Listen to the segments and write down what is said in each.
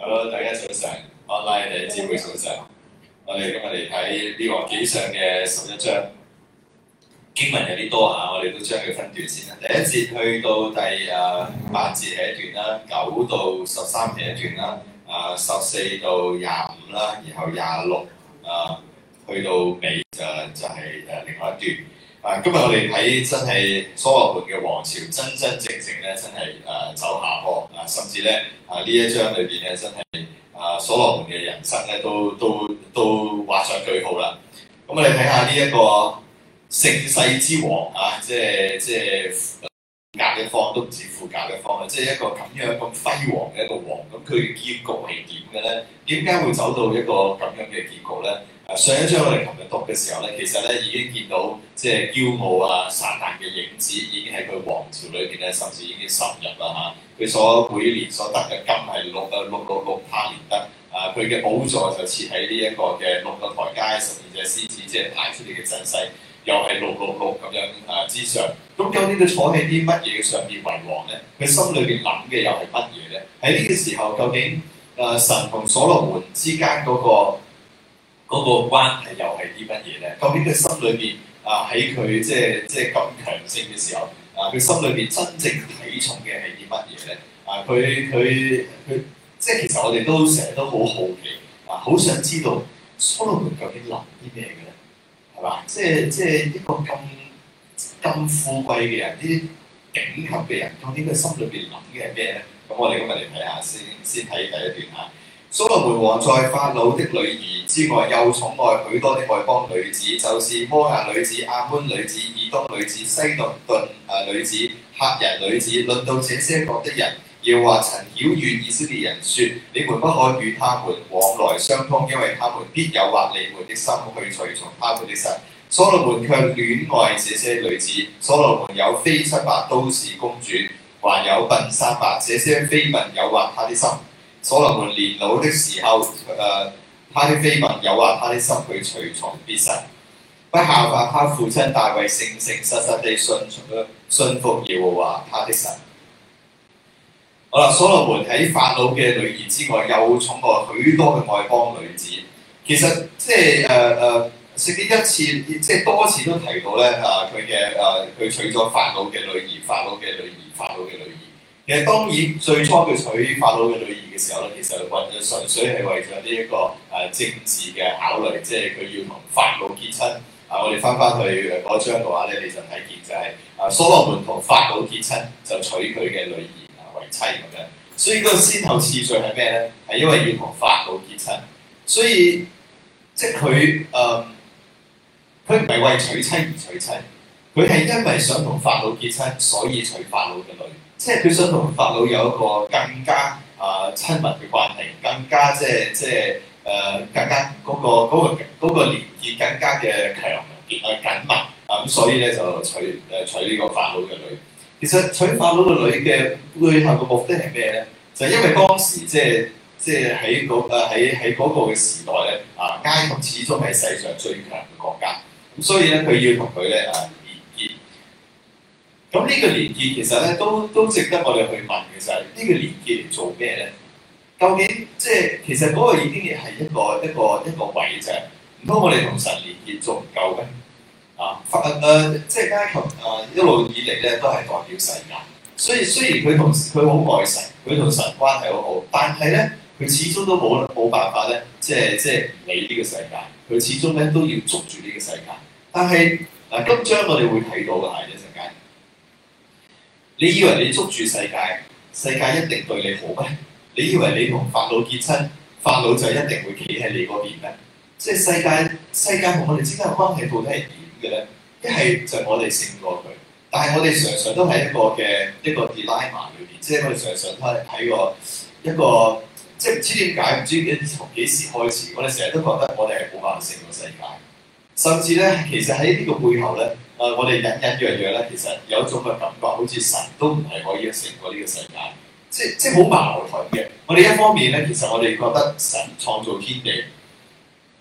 h 係咯，Hello, 第一組上 online 一智慧早上，我哋今日嚟睇《呢個列王紀上嘅十一章》，經文有啲多啊，我哋都將佢分段先啦。第一節去到第誒八節係一段啦，九到十三係一段啦，誒、啊、十四到廿五啦，然後廿六誒、啊、去到尾就是、就係、是、誒另外一段。啊，今日我哋睇真係所羅門嘅王朝，真真正正咧，真係誒、呃、走下坡。甚至咧，啊，呢一章裏邊咧，真係啊，所羅門嘅人生咧，都都都畫上句號啦。咁我哋睇下呢一個盛世之王啊，即係即係富甲一方，都唔止富甲一方啊，即係一個咁樣咁輝煌嘅一個王，咁佢嘅結局係點嘅咧？點解會走到一個咁樣嘅結局咧？上一章我哋琴日讀嘅時候咧，其實咧已經見到即係驕傲啊、撒但嘅影子已經喺佢皇朝裏邊咧，甚至已經滲入啦嚇。佢、啊、所每年所得嘅金係六啊六六六他連得，啊佢嘅寶座就設喺呢一個嘅六個台階，十二隻獅子即係排出嚟嘅陣勢，又係六六六咁樣啊之上。咁、嗯、究竟佢坐喺啲乜嘢上面為王咧？佢心裏邊諗嘅又係乜嘢咧？喺呢個時候究竟啊、呃、神同所羅門之間嗰、那個，嗰個關係又係啲乜嘢咧？究竟佢心裏邊啊喺佢即係即係咁強盛嘅時候啊，佢心裏邊真正睇重嘅係啲乜嘢咧？啊，佢佢佢，即係其實我哋都成日都好好奇啊，好想知道所羅門究竟諗啲咩嘅咧？係嘛？即係即係一個咁咁富貴嘅人，啲頂級嘅人，究竟佢心裏邊諗嘅係咩咧？咁我哋今日嚟睇下先，先睇第一段吓。所羅門王在法老的女兒之外，又寵愛許多的外邦女子，就是摩押女子、亞捫女子、以東女子、西頓啊、呃、女子、赫人女子。論到這些國的人，耶和華，曾曉諭以色列人說，你們不可與他們往來相通，因為他們必誘惑你們的心，去隨從他們的神。所羅門卻戀愛這些女子。所羅門有妃七百都是公主，還有嬪三百，這些妃嬪誘惑他的心。所羅門年老的時候，誒、呃、他的妃嬪誘惑他的心去隨從別神，不效法他父親大衛，誠誠實實地信從啊信服耶和華他的神。好啦，所羅門喺法老嘅女兒之外，又寵愛許多嘅外邦女子。其實即係誒誒，甚、呃、至一次即係多次都提到咧啊，佢嘅誒佢娶咗法老嘅女兒，法老嘅女兒，法老嘅女兒。其實當然最初佢娶法老嘅女兒嘅時候咧，其實為咗純粹係為咗呢一個誒政治嘅考慮，即係佢要同法老結親。啊，我哋翻翻去嗰章嘅話咧，你就睇見就係、是、啊，所羅門同法老結親就娶佢嘅女兒為妻咁樣。所以嗰個先頭次序係咩咧？係因為要同法老結親，所以即係佢誒佢唔係為娶妻而娶妻，佢係因為想同法老結親，所以娶法老嘅女兒。即係佢想同法老有一個更加啊親密嘅關係，更加即係即係誒更加嗰個嗰個嗰個連結更加嘅強結啊緊密啊咁、嗯，所以咧就娶誒娶呢個法老嘅女。其實娶法老嘅女嘅背後嘅目的係咩咧？就因為當時即係即係喺嗰喺喺嗰個嘅時代咧啊，埃及始終係世上最強嘅國家，咁所以咧佢要同佢咧啊。呃咁呢個連結其實咧都都值得我哋去問嘅就係、是、呢個連結做咩咧？究竟即係其實嗰個已經係一個一個一個位啫。唔通我哋同神連結做唔夠咩？啊，佛、啊、即係埃及誒、啊、一路以嚟咧都係代表世界，所以雖然佢同佢好愛神，佢同神關係好好，但係咧佢始終都冇冇辦法咧，即係即係唔理呢個世界。佢始終咧都要捉住呢個世界。但係嗱、啊，今章我哋會睇到嘅係。你以為你捉住世界，世界一定對你好咩？你以為你同法老結親，法老就一定會企喺你嗰邊咩？即係世界，世界同我哋之間嘅關係到底係點嘅咧？一係就我哋勝過佢，但係我哋常常都係一個嘅一個 dilemma 裏面，即係我哋常常都喺個一個，即係唔知點解，唔知從幾時開始，我哋成日都覺得我哋係冇辦法勝過世界。甚至咧，其實喺呢個背後咧，誒、呃，我哋隱隱約約咧，其實有一種嘅感覺，好似神都唔係可以勝過呢個世界，即即好矛盾嘅。我哋一方面咧，其實我哋覺得神創造天地，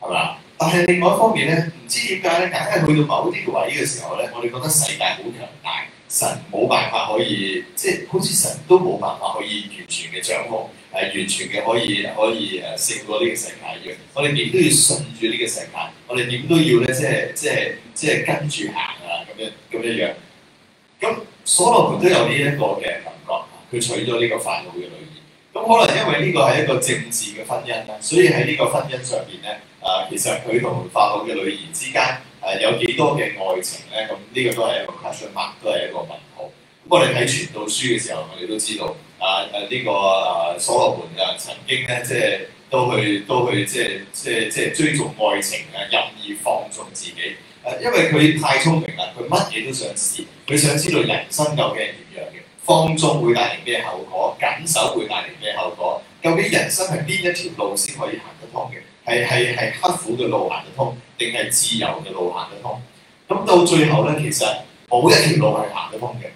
係嘛？但係另外一方面咧，唔知點解咧，硬係去到某啲位嘅時候咧，我哋覺得世界好強大。神冇辦法可以，即係好似神都冇辦法可以完全嘅掌控，係、呃、完全嘅可以可以誒、啊、勝過呢個世界嘅。我哋點都要順住呢個世界，我哋點都要咧，即係即係即係跟住行啊咁樣咁一樣。咁所羅門都有呢一個嘅感覺，佢娶咗呢個法老嘅女兒。咁、嗯、可能因為呢個係一個政治嘅婚姻啦，所以喺呢個婚姻上邊咧，啊、呃、其實佢同法老嘅女兒之間，誒有幾多嘅愛情咧？咁、這、呢個都係一個 question mark，都係一個問號。咁我哋睇傳道書嘅時候，我哋都知道啊誒呢、這個所羅門啊曾經咧、啊，即係都去都去即係即係即係追逐愛情啊，任意放縱自己。誒、啊，因為佢太聰明啦，佢乜嘢都想試，佢想知道人生究竟係點樣嘅，放縱會帶嚟咩後果，緊守會帶嚟咩後果，究竟人生係邊一條路先可以行得通嘅？係係係刻苦嘅路行得通，定係自由嘅路行得通，咁到最後咧，其實冇一條路係行得通嘅。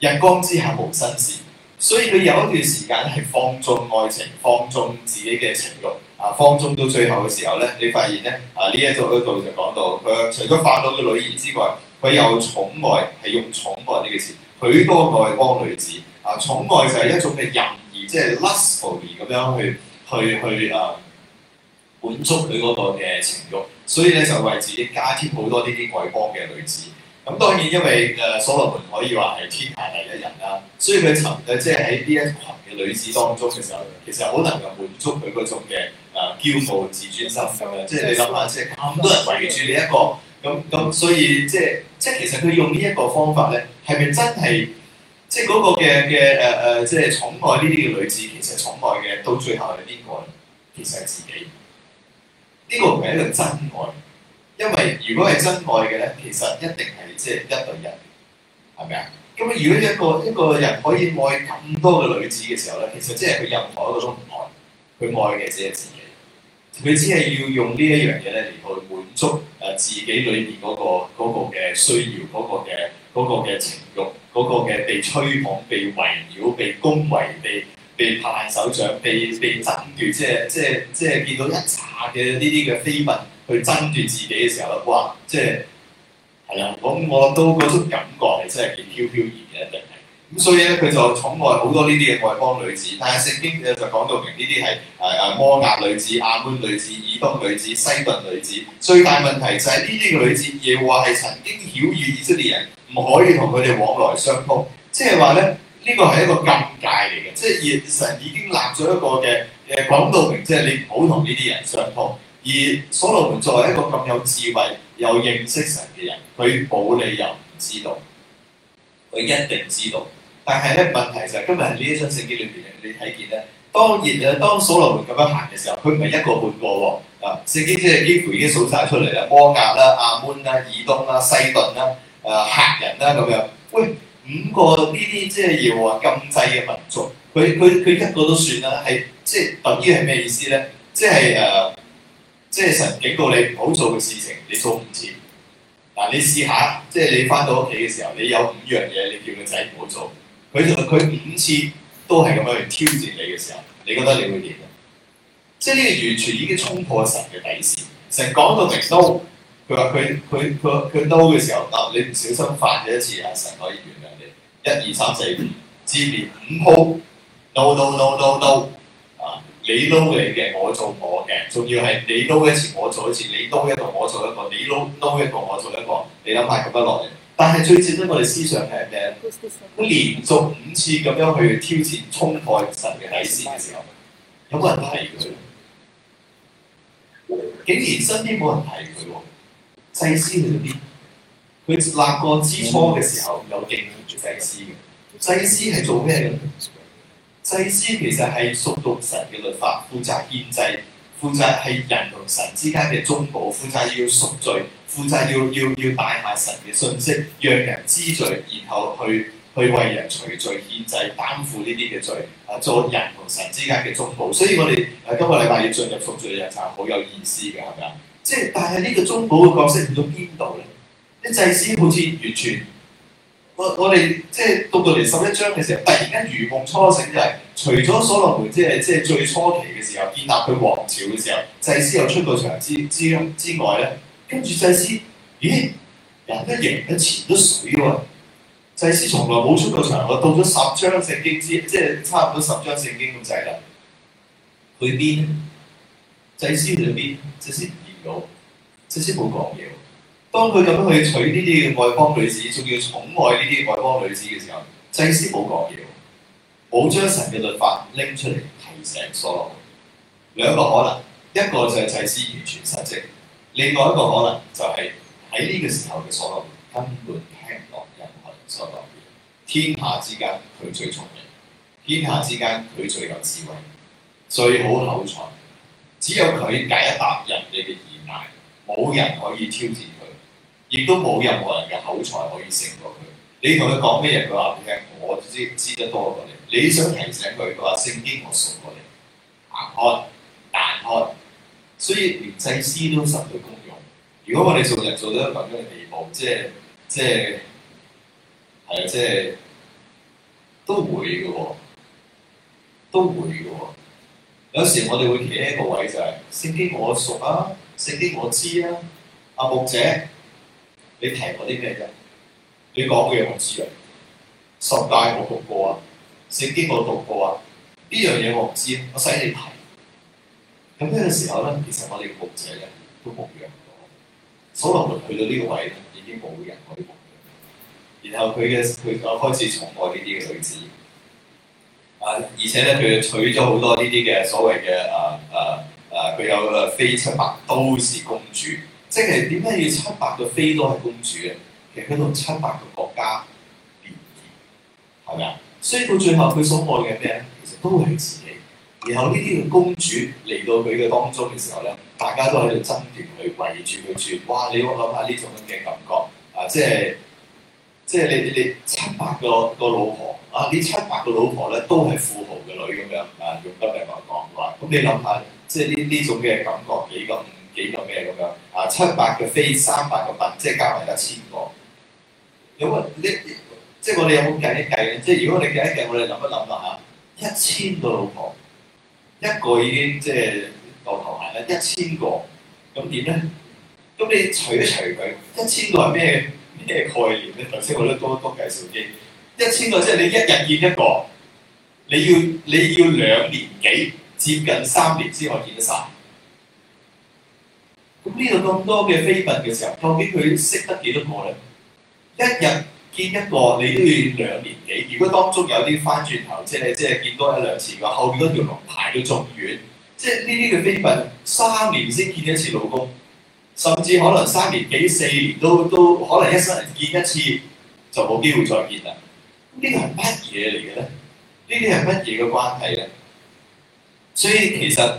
日光之下無新事，所以你有一段時間係放縱愛情，放縱自己嘅情慾啊，放縱到最後嘅時候咧，你發現咧啊，呢一度就講到佢除咗法老嘅女兒之外，佢有寵愛，係用寵愛呢個詞，許多外邦女子啊，寵愛就係一種嘅任意，即係 lust 咁樣去去去啊。滿足佢嗰個嘅情慾，所以咧就為自己加添好多呢啲外邦嘅女子。咁當然因為誒所羅門可以話係天下第一人啦，所以佢尋誒即係喺呢一群嘅女子當中嘅時候，其實好能夠滿足佢嗰種嘅誒驕傲自尊心咁樣。即係你諗下，即係咁多人圍住你一個咁咁，所以即係即係其實佢用呢一個方法咧，係咪真係即係嗰個嘅嘅誒誒，即係、呃、寵愛呢啲嘅女子，其實寵愛嘅到最後係邊個？其實係自己。呢個唔係一個真愛，因為如果係真愛嘅咧，其實一定係即係一對一，係咪啊？咁如果一個一個人可以愛咁多嘅女子嘅時候咧，其實即係佢任何一個都唔愛，佢愛嘅只係自己，佢只係要用呢一樣嘢咧嚟去滿足誒自己裏邊嗰個嗰個嘅需要，嗰個嘅嗰個嘅情慾，嗰個嘅被吹捧、被圍繞、被恭維、被……被拍大手掌，被被爭奪，即係即係即係見到一剎嘅呢啲嘅飛物去爭奪自己嘅時候，哇！即係係啊，咁我都嗰種感覺係真係幾飄飄然嘅，一定係。咁所以咧，佢就寵愛好多呢啲嘅外邦女子，但係聖經就講到明呢啲係誒誒摩亞女子、亞門女子、以邦女子、西頓女子。最大問題就係呢啲嘅女子，亦話係曾經詛咒以色列人，唔可以同佢哋往來相通，即係話咧。呢個係一個禁戒嚟嘅，即係神已經立咗一個嘅誒講道明，即係你唔好同呢啲人相討。而所羅門作為一個咁有智慧、又認識神嘅人，佢冇理由唔知道，佢一定知道。但係咧，問題就係今日喺呢一章聖經裏邊，你睇見咧，當然啊，當所羅門咁樣行嘅時候，佢唔係一個半個喎啊！聖經即係幾乎已經數曬出嚟啦，摩押啦、亞捫啦、以東啦、西頓啦、誒赫人啦咁樣，喂。五個呢啲即係要話禁制嘅民族，佢佢佢一個都算啦，係即係等於係咩意思咧？即係誒、呃，即係神警告你唔好做嘅事情，你做五次嗱、啊，你試下，即係你翻到屋企嘅時候，你有五樣嘢，你叫個仔唔好做，佢佢佢五次都係咁樣去挑戰你嘅時候，你覺得你會點？即係呢個完全已經衝破神嘅底線。神講到明刀，佢話佢佢佢佢刀嘅時候，嗱，你唔小心犯咗一次，係神可以一二三四，五，接連五鋪，No no no no no 啊！你撈你嘅，我做我嘅，仲要係你撈一次，我做一次，你撈一個，我做一個，你撈撈一個，我做一個，你諗下咁樣落去？但係最值得，我哋思想係咩？咁連續五次咁樣去挑戰衝破神嘅底線嘅時候，有冇人提佢？竟然身邊冇人提佢喎，祭司嗰佢立國之初嘅時候有敬祭司嘅，祭司係做咩嘅？祭司其實係熟讀神嘅律法，負責獻祭，負責係人同神之間嘅中保，負責要贖罪，負責要要要帶下神嘅信息，讓人知罪，然後去去為人取罪、獻祭、擔負呢啲嘅罪，啊，做人同神之間嘅中保。所以我哋喺、啊、今個禮拜要進入贖罪嘅日，就好有意思嘅，係咪啊？即係，但係呢個中保嘅角色去到邊度咧？祭司好似完全，我我哋即係到到嚟十一章嘅時候，突然間如夢初醒就係，除咗所羅門即係即係最初期嘅時候建立佢王朝嘅時候，祭司有出過場之之之外咧，跟住祭司，咦，人一型一潛咗水喎，祭司從來冇出過場，我到咗十章聖經之，即係差唔多十章聖經咁滯啦，去邊咧？祭司裏邊祭司唔見到，祭司冇講嘢。當佢咁樣去娶呢啲外邦女子，仲要寵愛呢啲外邦女子嘅時候，祭司冇講嘢，冇將神嘅律法拎出嚟提醒所羅門。兩個可能，一個就係祭司完全失職，另外一個可能就係喺呢個時候嘅所羅門根本聽唔落任何人所講嘢。天下之間佢最聰明，天下之間佢最有智慧，最好口才，只有佢解答人哋嘅疑難，冇人可以挑戰。亦都冇任何人嘅口才可以勝過佢。你同佢講咩嘢，佢話唔聽。我知我知，知得多過你。你想提醒佢，佢話聖經我熟過你，彈開彈開。所以連祭司都失去功用。如果我哋做人做到一咁樣嘅地步，即係即係係即係都會嘅喎，都會嘅喎、哦哦。有時我哋會企喺一個位就係、是、聖經我熟啊，聖經我知啊，阿牧者。你提過啲咩嘢？你講嘅我知啊，十誡我讀過啊，聖經我讀過啊，呢樣嘢我唔知，唔使你提。咁呢個時候咧，其實我哋牧者咧都冇養。所羅門去到呢個位咧，已經冇人可以牧養。然後佢嘅佢就開始寵愛呢啲嘅女子，啊，而且咧佢娶咗好多呢啲嘅所謂嘅啊啊啊，佢、啊啊、有啊妃七百，都是公主。即係點解要七百個妃都係公主嘅？其實喺度七百個國家連結，係咪啊？所以到最後佢所愛嘅咩咧？其實都係自己。然後呢啲嘅公主嚟到佢嘅當中嘅時候咧，大家都喺度爭奪，去圍住佢住。哇！你諗下呢種嘅感覺啊！即係即係你你，你七百個個老婆啊！你七百個老婆咧都係富豪嘅女咁樣啊！用得嚟講話，咁、啊、你諗下，即係呢呢種嘅感覺幾咁？你做咩咁樣？啊，七百個妃，三百個嬪，即係加埋一千個。有冇？你，你即係我哋有冇計一計即係如果你計一計，我哋諗一諗啦嚇。一千個老婆，一個已經即係頭頭痕啦。一千個，咁點咧？咁你除一除佢，一千個係咩咩概念咧？頭先我都多多計數機。一千個即係你一日見一個，你要你要兩年幾，接近三年先可以見得晒。咁呢度咁多嘅妃嬪嘅時候，究竟佢識得幾多個咧？一日見一個，你都要兩年幾。如果當中有啲翻轉頭，即係即係見多一兩次嘅，後面嗰條龍排到仲遠，即係呢啲嘅妃嬪三年先見一次老公，甚至可能三年幾、四年，都都可能一生見一次，就冇機會再見啦。咁呢個係乜嘢嚟嘅咧？呢啲係乜嘢嘅關係咧？所以其實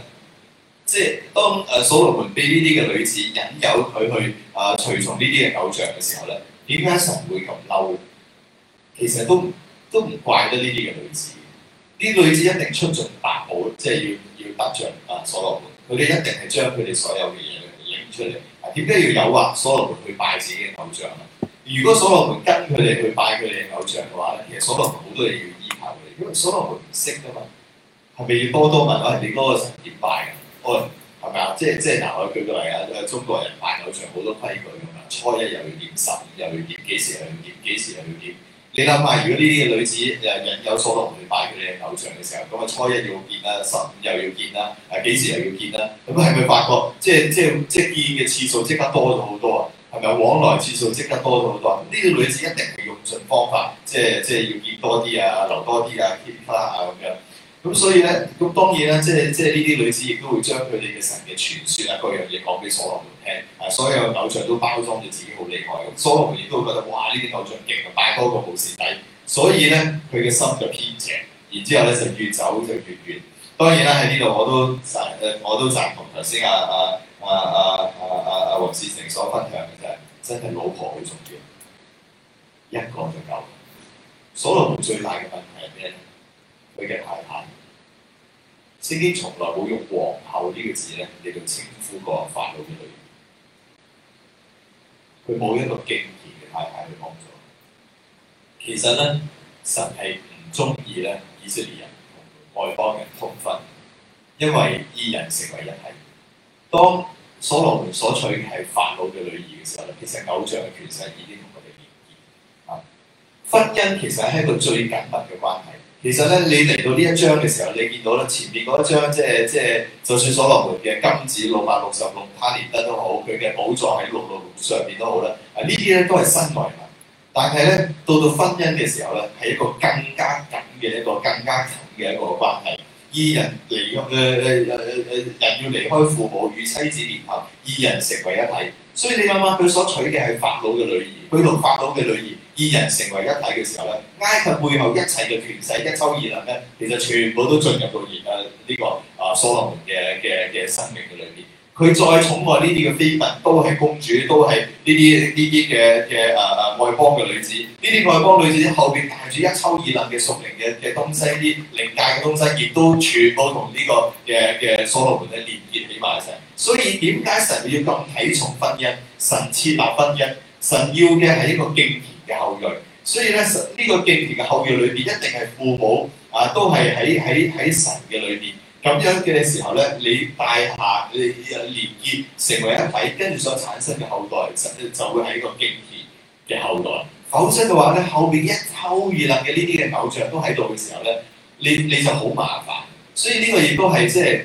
即係當誒所羅門被呢啲嘅女子引誘佢去誒、呃、隨從呢啲嘅偶像嘅時候咧，點解神會咁嬲？其實都都唔怪得呢啲嘅女子，呢啲女子一定出盡百寶，即係要要得罪啊所羅門。佢哋一定係將佢哋所有嘅嘢拎出嚟。點解要誘惑所羅門去拜自己嘅偶像啊？如果所羅門跟佢哋去拜佢哋嘅偶像嘅話咧，其實所羅門好多嘢要依靠佢哋。因為所羅門唔識噶嘛，係咪要多多問啊？係咪多個神點拜啊？喂，係咪啊？即係即係，嗱，我舉個例啊，誒，中國人拜偶像好多規矩㗎嘛，初一又要見，十五又要見，幾時又要見，幾時又要見。你諗下，如果呢啲女子誒人有所動去拜佢哋嘅偶像嘅時候，咁啊，初一要見啦，十五又要見啦，誒幾時又要見啦。咁係咪發覺即係即係即係見嘅次數即刻多咗好多啊？係咪往來次數即刻多咗好多？咁呢啲女子一定係用盡方法，即係即係要見多啲啊，留多啲啊，keep 翻啊咁樣。咁所以咧，咁當然啦，即係即係呢啲女子亦都會將佢哋嘅神嘅傳説啊，各樣嘢講俾所羅門聽，啊，所有偶像都包裝住自己好厲害，咁所羅門亦都會覺得哇，呢啲偶像勁啊，拜多過無事底，所以咧佢嘅心就偏邪，然之後咧就越走就越遠。當然啦，喺呢度我都贊，我都贊同頭先阿阿阿阿阿阿黃志成所分享嘅就係真係老婆好重要，一個就夠。所羅門最大嘅問題係咩？佢嘅太太，聖經從來冇用皇后呢個字咧嚟到稱呼過法老嘅女兒。佢冇一個敬虔嘅太太去幫助。其實咧，神係唔中意咧，以色列人同外邦人通婚，因為二人成為一體。當所羅門所取嘅係法老嘅女兒嘅時候咧，其實偶像嘅權勢已經同佢哋嘅啊，婚姻其實係一個最緊密嘅關係。其實咧，你嚟到呢一章嘅時候，你見到咧前面嗰一章即係即係，就算所羅門嘅金子六百六十六，他連得都好，佢嘅寶座喺六六六上面都好啦。啊，呢啲咧都係身外物，但係咧到到婚姻嘅時候咧，係一個更加緊嘅一個更加緊嘅一個關係。二人離，誒誒誒誒誒，人要離開父母與妻子連合，二人成為一體。所以你諗下，佢所娶嘅係法老嘅女兒，佢同法老嘅女兒。二人成為一體嘅時候咧，埃及背後一切嘅權勢、一抽二拎咧，其實全部都進入到誒呢、這個啊所羅門嘅嘅嘅生命嘅裏邊。佢再寵愛呢啲嘅妃嬪，都係公主，都係呢啲呢啲嘅嘅誒外邦嘅女子。呢啲外邦女子後邊帶住一抽二拎嘅屬靈嘅嘅東西，啲靈界嘅東西，亦都全部同呢、這個嘅嘅所羅門咧連結起埋一齊。所以點解神要咁睇重婚姻，神設立婚姻，神要嘅係一個敬。後裔，所以咧呢個敬虔嘅後裔裏邊一定係父母啊，都係喺喺喺神嘅裏邊。咁樣嘅時候咧，你大下你連結成為一體，跟住所產生嘅後代，就就會係一個敬虔嘅後代。否則嘅話咧，後面一抽二楞嘅呢啲嘅偶像都喺度嘅時候咧，你你就好麻煩。所以呢個亦都係即係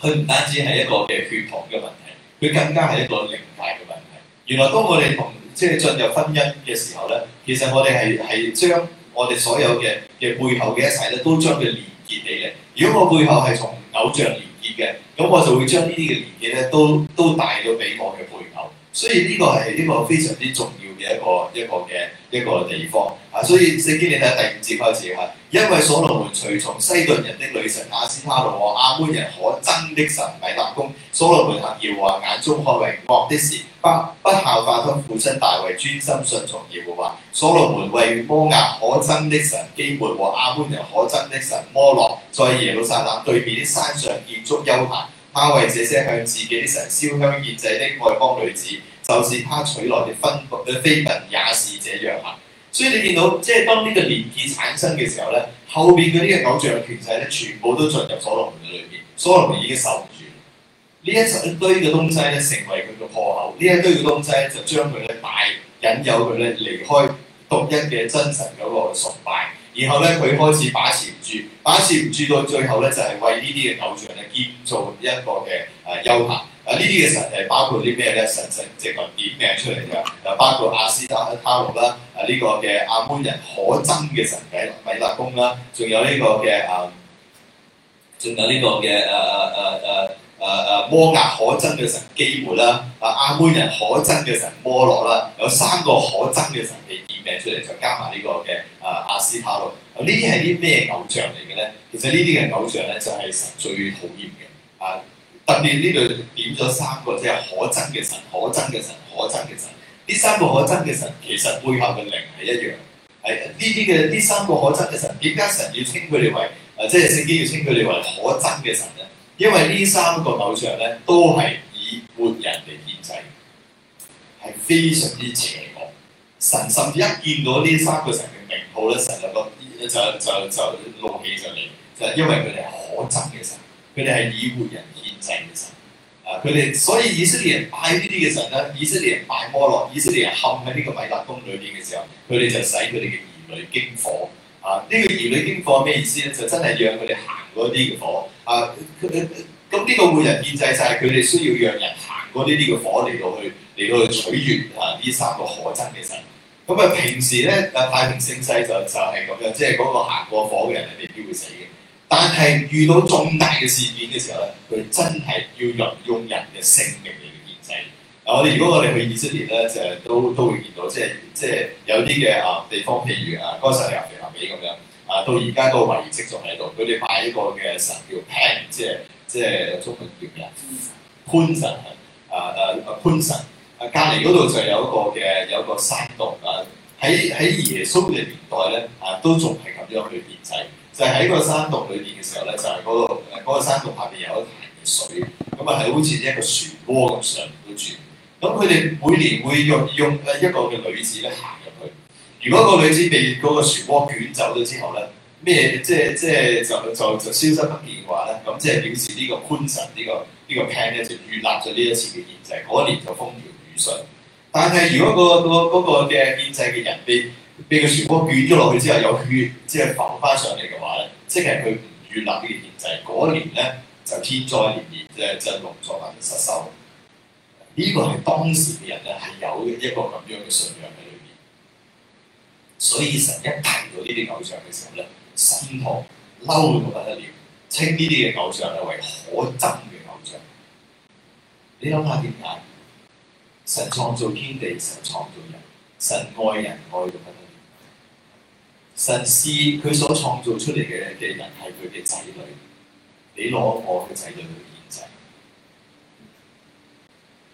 佢唔單止係一個嘅血統嘅問題，佢更加係一個靈界嘅問題。原來當我哋同即係進入婚姻嘅時候咧，其實我哋係係將我哋所有嘅嘅背後嘅一切咧，都將佢連結起嚟。如果我背後係從偶像連結嘅，咁我就會將呢啲嘅連結咧，都都帶到俾我嘅背後。所以呢個係一個非常之重要。一個一個嘅一個地方啊，所以聖經你睇第五節開始吓，因為所羅門隨從西頓人的女神亞斯他錄和亞捫人可憎的神米達公，所羅門行耶和華眼中看為惡，惡的事，不不效法他父親大衛，專心順從耶和華。所羅門為摩押可憎的神基抹和亞捫人可憎的神摩洛，在耶路撒冷對面的山上建築邱壇，他為這些向自己的神燒香獻祭的外邦女子。就是他取來嘅分佈嘅飛奔也是這樣啊，所以你見到即係當呢個連結產生嘅時候咧，後邊嗰啲嘅偶像權勢咧，全部都進入咗所羅門嘅裏邊，所羅門已經受唔住呢一層堆嘅東西咧，成為佢嘅破口，呢一堆嘅東西咧就將佢嘅帶引誘佢咧離開獨一嘅真神嗰個崇拜。然後咧，佢開始把持唔住，把持唔住到最後咧，就係、是、為呢啲嘅偶像咧建造一個嘅誒優恆。啊、呃，呢啲嘅神係包括啲咩咧？神神即係點名出嚟㗎？就包括亞斯他錄啦，啊呢、這個嘅亞捫人可憎嘅神嘅米勒公啦，仲有呢個嘅誒，仲、啊、有呢個嘅誒誒誒誒。啊啊啊誒誒摩押可憎嘅神基抹啦，啊亞捫人可憎嘅神摩洛啦，有三個可憎嘅神被點名出嚟，就加埋呢個嘅啊亞斯他錄。啊呢啲係啲咩偶像嚟嘅咧？其實呢啲嘅偶像咧，就係神最討厭嘅。啊特別呢度點咗三個即係可憎嘅神，可憎嘅神，可憎嘅神。呢三個可憎嘅神其實背後嘅靈係一樣，係呢啲嘅呢三個可憎嘅神，點解神要稱佢哋為誒即係聖經要稱佢哋為可憎嘅神？因為呢三個偶像咧，都係以活人嚟獻祭，係非常之邪惡。神甚至一見到呢三個神嘅名號咧，神就就就就怒氣上嚟，就，就，就，就、就是、因為佢哋係可憎嘅神，佢哋係以活人獻祭嘅神。啊，佢哋所以以色列人拜呢啲嘅神咧，以色列人拜摩洛，以色列人陷喺呢個米達宮裏邊嘅時候，佢哋就使佢哋嘅兒女經火。啊，呢、這個兒女經火係咩意思咧？就真係讓佢哋行嗰啲火。啊，咁呢、uh, 個每人建制就係佢哋需要讓人行過呢啲個火嚟到去嚟到去取悅啊呢三個可憎嘅神，咁、嗯、啊平時咧啊太平盛世就就係咁樣，即係嗰個行過火嘅人係未必會死嘅，但係遇到重大嘅事件嘅時候咧，佢真係要人用人嘅性命嚟去建制。嗱、嗯 uh, 我哋如果我哋去以色列咧，就係都都會見到，即係即係有啲嘅啊地方譬如啊，嗰個石油幾啊幾咁樣。啊，到而家個遺跡仲喺度。佢哋拜呢個嘅神叫 Pan，即係即係中文叫咩潘神。潘神啊，啊潘神啊隔離嗰度就有一個嘅有一個山洞啊。喺喺耶穌嘅年代咧啊，都仲係咁樣去建制，就喺個山洞裏邊嘅時候咧，就係嗰個嗰個山洞下邊有一潭嘅水，咁啊好似一個船窩咁上面住。咁佢哋每年會用用一個嘅女子咧。如果個女子被嗰個漩渦捲走咗之後咧，咩即係即係就就就，就消失不見嘅話咧，咁即係表示呢個潘神呢，這個呢，這個 pan 咧就悅納咗呢一次嘅獻祭，嗰年就風調雨順。但係如果，那個，那個嗰，那個嘅獻祭嘅人被被個漩渦捲咗落去之後有血即係浮翻上嚟嘅話咧，即係佢唔悅納呢個獻祭，嗰年咧就天災連連，即係就就農作物失收。呢，這個係當時嘅人咧係有一個咁樣嘅信仰。所以神一提到呢啲偶像嘅時候咧，心痛嬲到不得了，稱呢啲嘅偶像咧為可憎嘅偶像。你諗下點解？神創造天地，神創造人，神愛人愛到不得了。神是佢所創造出嚟嘅嘅人係佢嘅仔女，你攞我嘅仔女去獻祭。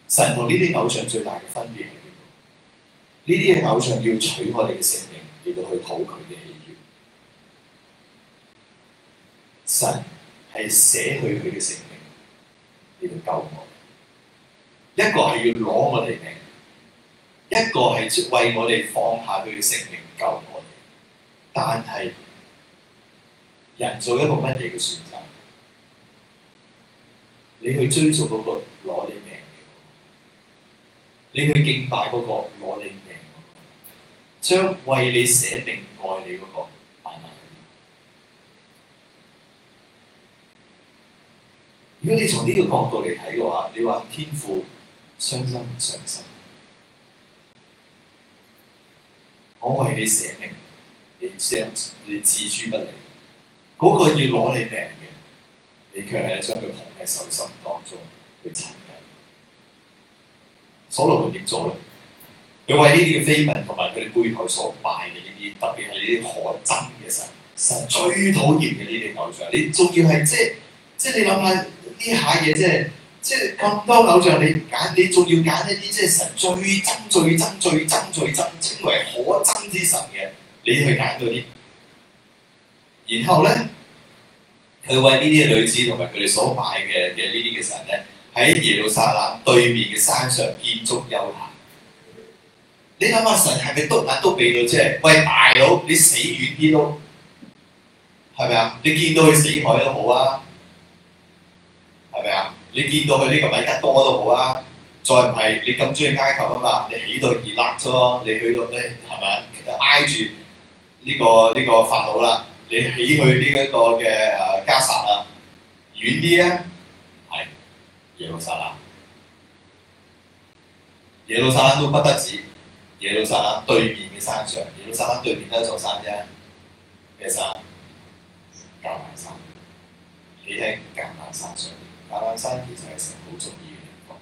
神同呢啲偶像最大嘅分別。呢啲係偶像要取我哋嘅性命，嚟到去討佢嘅喜悅。神係捨去佢嘅性命嚟到救我。一個係要攞我哋命，一個係為我哋放下佢嘅性命救我。但係人做一個乜嘢嘅選擇？你去追逐嗰、那個攞你命嘅，你去敬拜嗰、那個攞你。將為你捨命愛你嗰、那個慢慢，如果你從呢個角度嚟睇嘅話，你話天父傷心唔傷心？我為你捨命，你只你自主不離，嗰、那個要攞你命嘅，你卻係將佢捧喺手心當中去尋嘅，所羅門點做呢？佢為呢啲嘅非民同埋佢哋背後所拜嘅呢啲，特別係呢啲可憎嘅神，神最討厭嘅呢啲偶像。你仲要係即係即係你諗下呢下嘢，即係即係咁多偶像，你唔揀，你仲要揀一啲即係神最憎、最憎、最憎、最憎，稱為可憎之神嘅，你去揀咗啲。然後咧，佢為呢啲女子同埋佢哋所拜嘅嘅呢啲嘅神咧，喺耶路撒冷對面嘅山上建築有。你諗下，神係咪篤眼篤鼻咗？啫？喂大佬，你死遠啲囉，係咪啊？你見到佢死海都好啊，係咪啊？你見到佢呢個米吉多都好啊。再唔係你咁中意埃及啊嘛？你起到熱辣咗，你去到咩係咪？挨住呢個呢個法老啦，你起去呢一個嘅誒加薩啊，遠啲啊，係耶路撒冷，耶路撒冷都不得止。耶路撒冷對面嘅山上，耶路撒冷對面得一座山啫，咩山？橄欖山。你聽，橄欖山上面，橄欖山其實係成好重要嘅地方，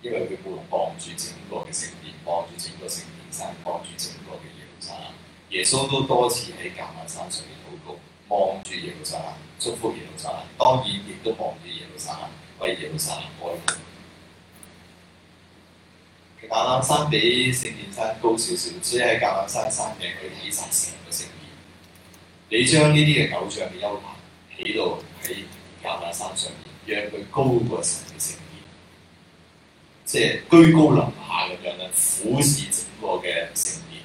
因為佢會傍住整個嘅聖殿，傍住整個聖殿山，傍住整個嘅耶路撒冷。耶穌都多次喺橄欖山上嘅禱告，望住耶路撒冷，祝福耶路撒冷，當然亦都望住耶路撒冷，為耶路撒冷開門。橄欖山比聖殿山高少少，所以喺橄欖山山頂佢睇晒成個聖殿。你將呢啲嘅偶像嘅優勢起到喺橄欖山上面，讓佢高過神嘅聖殿，即係居高臨下咁樣咧，俯視整個嘅聖殿。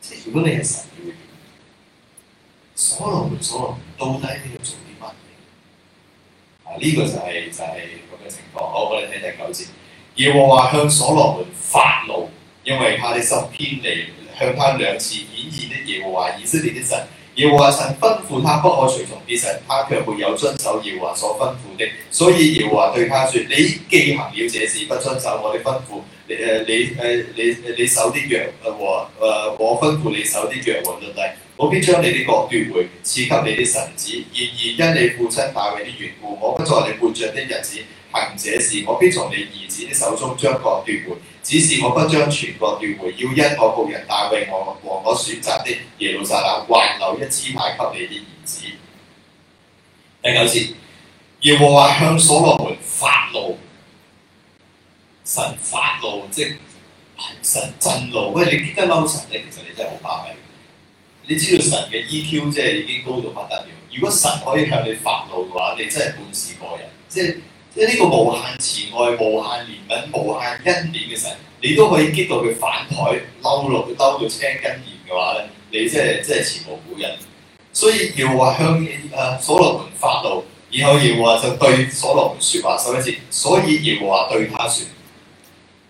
即係如果你係神嘅，所羅門，所羅門，到底你要做啲乜嘢？啊，呢、這個就係、是、就係咁嘅情況。好，我哋睇睇九節。耶和華向所羅門發怒，因為他的心偏離，向他兩次顯現的耶和華以色列的神。耶和華曾吩咐他不可隨從別神，他卻沒有遵守耶和華所吩咐的。所以耶和華對他說：你既行了這事，不遵守我的吩咐，你誒，你誒，你守啲約和誒，我吩咐你守啲約和律例，我必將你的國奪回，賜給你啲神子，而然而因你父親大衛的緣故，我不在你活着的日子。行者是我必從你兒子的手中將國奪回。只是我不將全國奪回，要因我僕人大衛和我選擇的耶路撒冷，還留一支派給你的兒子。第九節，耶和華向所羅門發怒，神發怒，即神震怒。喂，你激得嬲神呢？其實你真係好霸氣。你知道神嘅 EQ 即係已經高到不得了。如果神可以向你發怒嘅話，你真係本事過人，即係。即係呢個無限慈愛、無限憐憫、無限恩典嘅神，你都可以激到佢反台、嬲落、兜，到佢佢青筋炎嘅話咧，你即係即係前無古人。所以耶和華向誒、啊、所羅門發怒，然後耶和華就對所羅門説話收一次，所以耶和華對佢説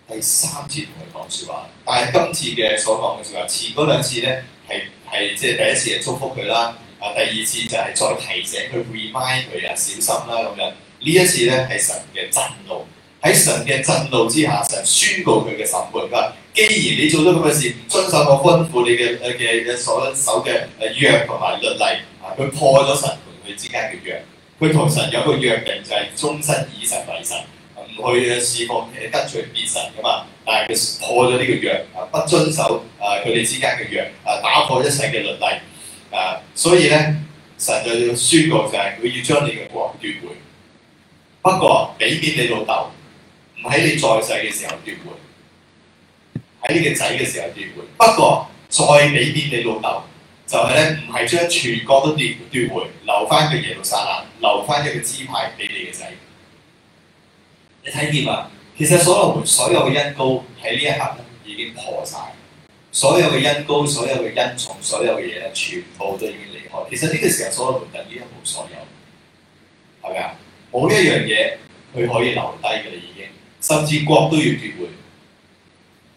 第三次同佢講説話，但係今次嘅所講嘅説話，前嗰兩次咧係係即係第一次係祝福佢啦，啊第二次就係再提醒佢 remind 佢啊小心啦咁樣。呢一次咧係神嘅震怒，喺神嘅震怒之下，神宣告佢嘅審判。噉既然你做咗咁嘅事，唔遵守我吩咐你嘅嘅嘅所守嘅誒約同埋律例啊，佢破咗神同佢之間嘅約。佢同神有個約定，就係、是、終身以神為神，神，唔、啊、去侍奉跟隨得罪別神噶嘛。但係佢破咗呢個約啊，不遵守啊佢哋之間嘅約啊，打破一切嘅律例啊，所以咧神就要宣告就係佢要將你嘅國奪回。不過俾面你老豆，唔喺你在世嘅時候奪回，喺你個仔嘅時候奪回。不過再俾面你老豆，就係咧唔係將全國都奪奪回，留翻佢耶路撒冷，留翻一個支派俾你嘅仔。你睇見嘛？其實所羅門所有嘅恩膏喺呢一刻已經破晒。所有嘅恩膏，所有嘅恩寵，所有嘅嘢全部都已經離開。其實呢個時候所羅門等於一無所有，係咪啊？冇一樣嘢佢可以留低嘅啦，已經甚至國都要奪回。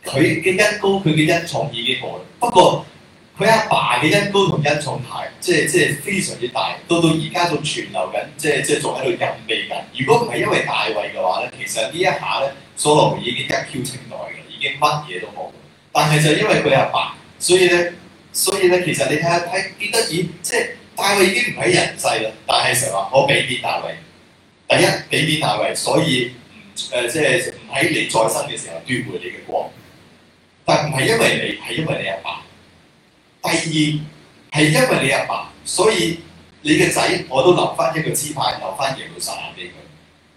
佢嘅恩膏，佢嘅恩寵已經冇啦。不過佢阿爸嘅恩膏同恩寵大，即係即係非常之大，到到而家仲傳流緊、就是，即係即係仲喺度隱蔽緊。如果唔係因為大衛嘅話咧，其實呢一下咧，所羅門已經一鋪清袋嘅，已經乜嘢都冇。但係就因為佢阿爸，爸，所以咧，所以咧，其實你睇下睇幾得意，即係大衛已經唔喺人世啦，但係成日話我未啲大衛。第一，俾面大衛，所以唔即係唔喺你再生嘅時候奪回你嘅光。但唔係因為你，係因為你阿爸，爸。第二，係因為你阿爸，爸，所以你嘅仔我都留翻一個支派，留翻耶路撒冷俾佢。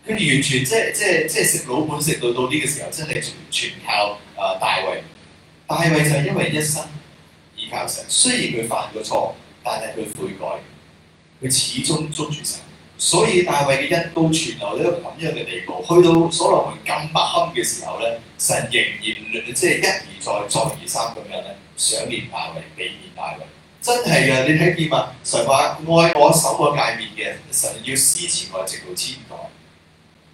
佢完全即係即係即係食老本，食到到呢個時候，真係全靠誒、呃、大衛。大衛就係因為一生倚靠神，雖然佢犯過錯，但係佢悔改，佢始終忠於神。所以大衛嘅恩都存留喺一個咁樣嘅地步，去到所羅門咁不堪嘅時候咧，神仍然即係、就是、一而再、再而三咁樣咧想念大衛、紀念大衛。真係噶、啊，你睇見啊，神話愛我，我守我誡命嘅神要施慈愛直到千代，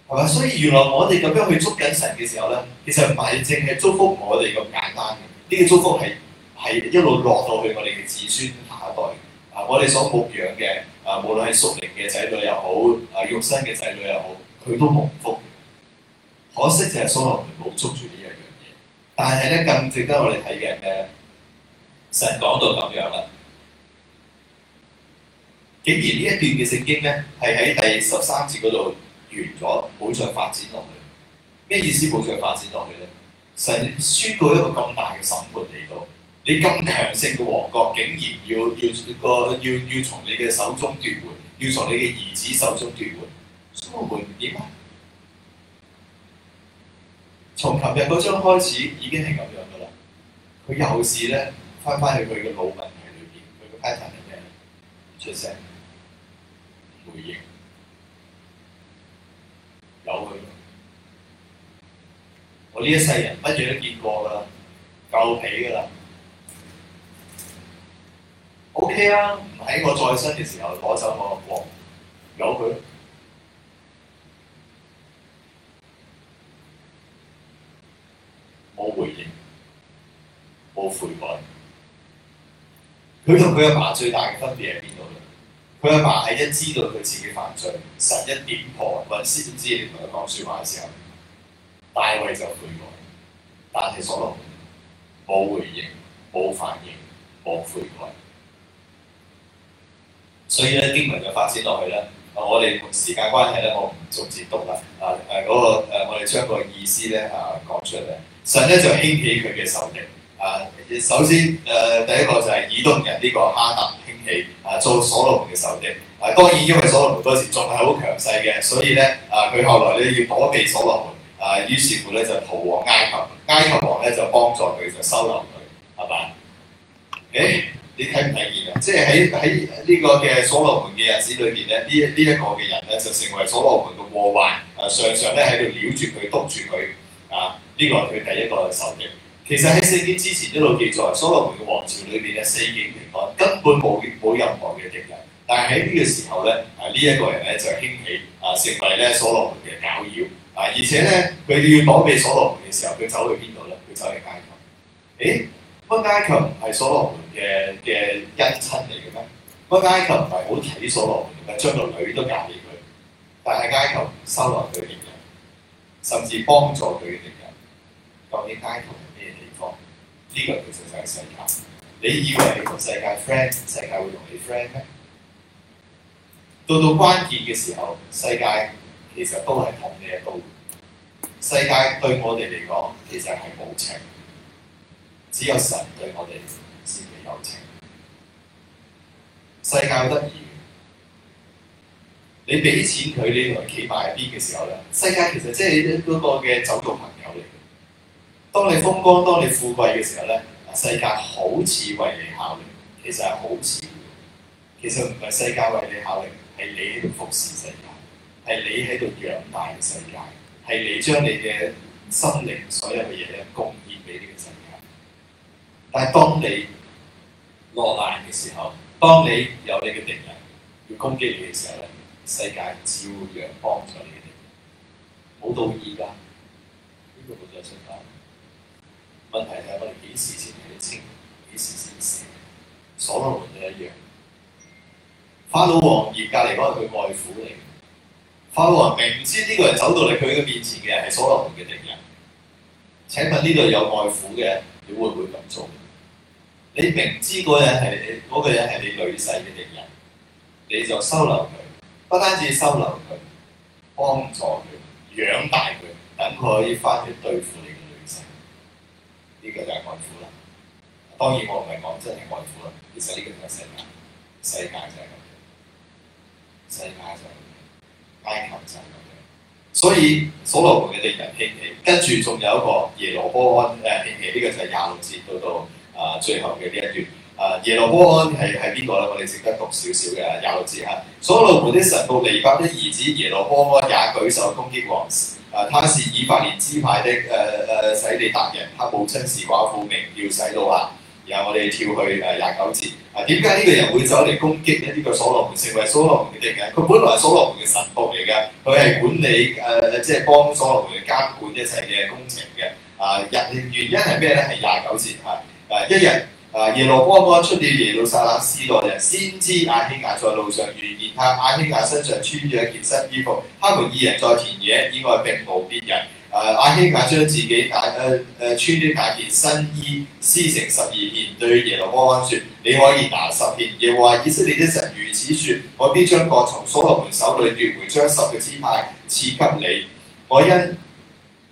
係嘛？所以原來我哋咁樣去捉緊神嘅時候咧，其實唔係淨係祝福我哋咁簡單嘅，呢、這個祝福係係一路落到去我哋嘅子孫下一代，啊，我哋所牧養嘅。啊，無論係屬靈嘅仔女又好，啊，肉身嘅仔女又好，佢都蒙福。可惜就係所羅門冇捉住呢一樣嘢。但係咧，更值得我哋睇嘅神講到咁樣啦。竟然呢一段嘅聖經咧係喺第十三節嗰度完咗，冇再發展落去，咩意思冇再發展落去咧？神宣佈一個咁大嘅審判嚟到。你咁強盛嘅王國，竟然要要個要要從你嘅手中奪回，要從你嘅兒子手中奪回，蘇門點啊？從琴日嗰章開始已經係咁樣噶啦，佢又試咧翻返去佢嘅老問題裏邊，佢嘅 pattern 係咩？出聲回應有佢，我呢一世人乜嘢都見過噶啦，夠皮噶啦。OK 啊！唔喺我再生嘅時候攞走我嘅國，由佢。冇回應，冇悔改。佢同佢阿爸最大嘅分別喺邊度？佢阿爸係一知道佢自己犯罪，神一點破，或先知你同佢講説話嘅時候，大衛就悔改，但係所落。冇回應，冇反應，冇悔改。所以咧經文就發展落去啦。我哋同時間關係咧、啊那個啊，我唔逐字讀啦。啊誒嗰個我哋將個意思咧啊講出嚟。神咧就興起佢嘅仇敵。啊，首先誒、啊、第一個就係以東人呢個哈達興起啊，做所羅門嘅仇敵。啊，當然因為所羅門嗰時仲係好強勢嘅，所以咧啊，佢後來咧要躲避所羅門啊，於是乎咧就逃往埃及。埃及王咧就幫助佢，就收留佢，係嘛？誒、Okay. 你睇唔睇見啊？即係喺喺呢個嘅所羅門嘅日子裏邊咧，一這個、呢呢一個嘅人咧就成為所羅門嘅禍患，啊，常常咧喺度繞住佢、督住佢，啊，呢、這個係佢第一個仇敵。其實喺四經之前一路記載，所羅門嘅王朝裏邊咧四境平安，根本冇冇任何嘅敵人。但係喺呢個時候咧，啊呢一、這個人咧就興起，啊成為咧所羅門嘅攪擾，啊而且咧佢要躲避所羅門嘅時候，佢走去邊度咧？佢走去街頭，誒、欸？個埃及唔係所羅門嘅嘅恩親嚟嘅咩？個埃及唔係好睇所羅門，將個女都嫁俾佢。但係埃及收留佢嘅人，甚至幫助佢嘅人。究竟埃及係咩地方？呢個其實就係世界。你以為你同世界 friend，世界會同你 friend 咩？到到關鍵嘅時候，世界其實都係同你一刀。世界對我哋嚟講，其實係無情。只有神對我哋先係有情。世界好得意，你俾錢佢呢度企埋一邊嘅時候咧，世界其實即係嗰個嘅走動朋友嚟。當你風光、當你富貴嘅時候咧，世界好似為你考慮，其實係好似，其實唔係世界為你考慮，係你喺度服侍世界，係你喺度養大世界，係你將你嘅心靈所有嘅嘢咧，貢獻俾但係當你落難嘅時候，當你有你嘅敵人要攻擊你嘅時候咧，世界照樣幫助你哋。冇到而家，呢、這個冇再出發。問題係我哋幾時先睇得清，幾時先死？所羅門都一樣，法老王而隔離嗰個佢外父嚟嘅。法老王明知呢個人走到嚟佢嘅面前嘅人係所羅門嘅敵人，請問呢度有外父嘅，你會唔會咁做？你明知嗰人係你嗰人係你女婿嘅敵人，你就收留佢，不單止收留佢，幫助佢，養大佢，等佢可以翻去對付你嘅女婿。呢、這個就係愛苦啦。當然我唔係講真係愛苦啦，其實呢個係世界，世界就係咁嘅，世界就係咁嘅，地球就係咁嘅。所以所羅門嘅敵人興起，跟住仲有一個耶羅波安誒興起，呢、呃這個就係廿六節到到。啊！最後嘅呢一段啊，耶羅波安係係邊個咧？我哋值得讀少少嘅廿六節嚇。所羅門的臣僕尼八的兒子耶羅波安也舉手攻擊王。啊，他是以法蓮支派的誒誒洗利達人，他母親是寡婦，名叫洗魯亞。然後我哋跳去誒廿九節啊，點解呢個人會走嚟攻擊咧？呢、呢個所羅門成為所羅門嘅敵人。佢本來係所羅門嘅臣僕嚟嘅，佢係管理誒即係幫所羅門監管一切嘅工程嘅。啊，原原因係咩咧？係廿九節嚇。啊！Uh, 一日，啊耶羅波安出了耶路撒冷，示羅人先知亞希雅在路上遇見他。亞希雅身上穿著一件新衣服。他們二人在田野，以外並無別人。啊！亞希雅將自己解，誒、呃、誒、呃、穿的那件新衣撕成十二片，對耶羅波安説：你可以拿十片。耶和華以色列的神如此説：我必將國從所羅門手裏奪回，將十個支派賜給你。我因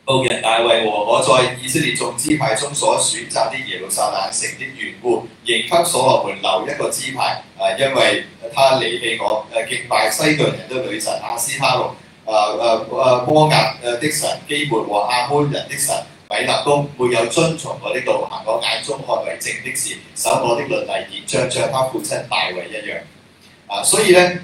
僕人、okay, 大衛和我在以色列眾支派中所選擇的耶路撒冷城的緣故，仍給所羅門留一個支派，啊，因為他離棄我，誒、啊，敬拜西頓人的女神亞斯他錄，啊啊啊摩押誒的神基抹和亞捫人的神米勒公，沒有遵從我的道行我眼中看為正的事，守我啲律例典章，像他父親大衛一樣。啊，所以咧，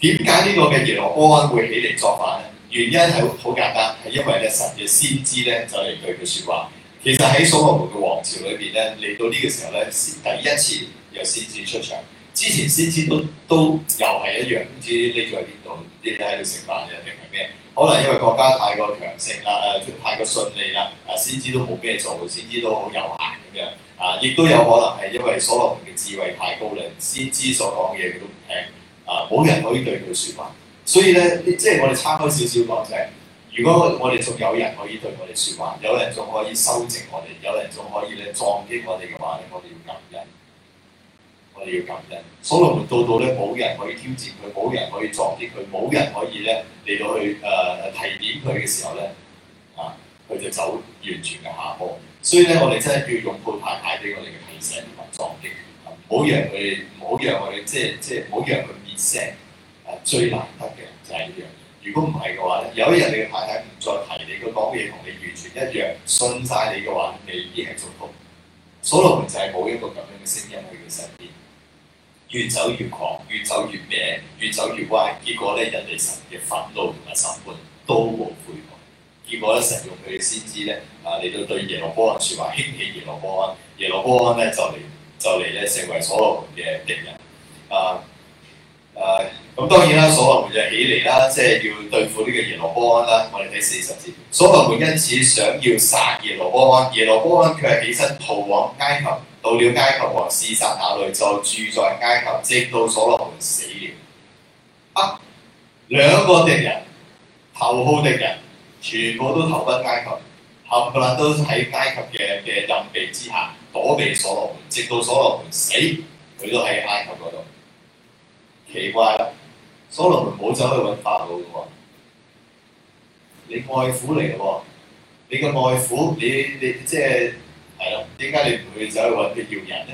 點解呢個嘅耶羅波安會起嚟作反呢？原因係好好簡單，係因為咧神嘅先知咧就嚟、是、對佢説話。其實喺所羅門嘅王朝裏邊咧，嚟到呢個時候咧，先第一次有先知出場。之前先知都都又係一樣，唔知呢個喺邊度，啲喺度食飯定係咩？可能因為國家太過強盛啦，誒、呃、太過順利啦，啊先知都冇咩做，先知都好有限咁樣。啊，亦都有可能係因為所羅門嘅智慧太高啦，先知所講嘅嘢佢都唔聽。啊，冇人可以對佢説話。所以咧，即係我哋差開少少講就係，如果我哋仲有人可以對我哋説話，有人仲可以修正我哋，有人仲可以咧撞擊我哋嘅話咧，我哋要感恩。我哋要感恩。所羅門到到咧冇人可以挑戰佢，冇人可以撞擊佢，冇人可以咧嚟到去誒、呃、提點佢嘅時候咧，啊，佢就走完全嘅下坡。所以咧，我哋真係要用牌牌俾我哋嘅提醒同埋撞擊，唔好讓佢，唔好讓佢，即係即係唔好讓佢變聲。最難得嘅就係呢樣，如果唔係嘅話咧，有一日你嘅太太唔再提你，佢講嘢同你完全一樣，信晒你嘅話，未必係屬服。所羅門就係冇一個咁樣嘅聲音喺佢身邊，越走越狂，越走越野，越走越歪，結果咧，人哋神嘅憤怒同埋審判都冇悔改。結果咧，神用佢哋先知咧，啊，嚟到對耶羅波安嘅説話，興起耶羅波安啊，耶羅波安咧就嚟就嚟咧成為所羅門嘅敵人。啊，誒、啊。咁當然啦，所羅門就起嚟啦，即係要對付呢個耶羅波安啦。我哋睇四十節，所羅門因此想要殺耶羅波安，耶羅波安佢係起身逃往埃及，到了埃及王示撒那裏，就住在埃及，直到所羅門死了。啊，兩個敵人，頭號敵人，全部都投奔埃及，冚唪唥都喺埃及嘅嘅蔭庇之下躲避所羅門，直到所羅門死，佢都喺埃及嗰度。奇怪啦～所羅門冇走去揾法老嘅喎，你外父嚟嘅喎，你個外父，你你即係係啊，點解你唔去、就是、走去揾佢要人呢？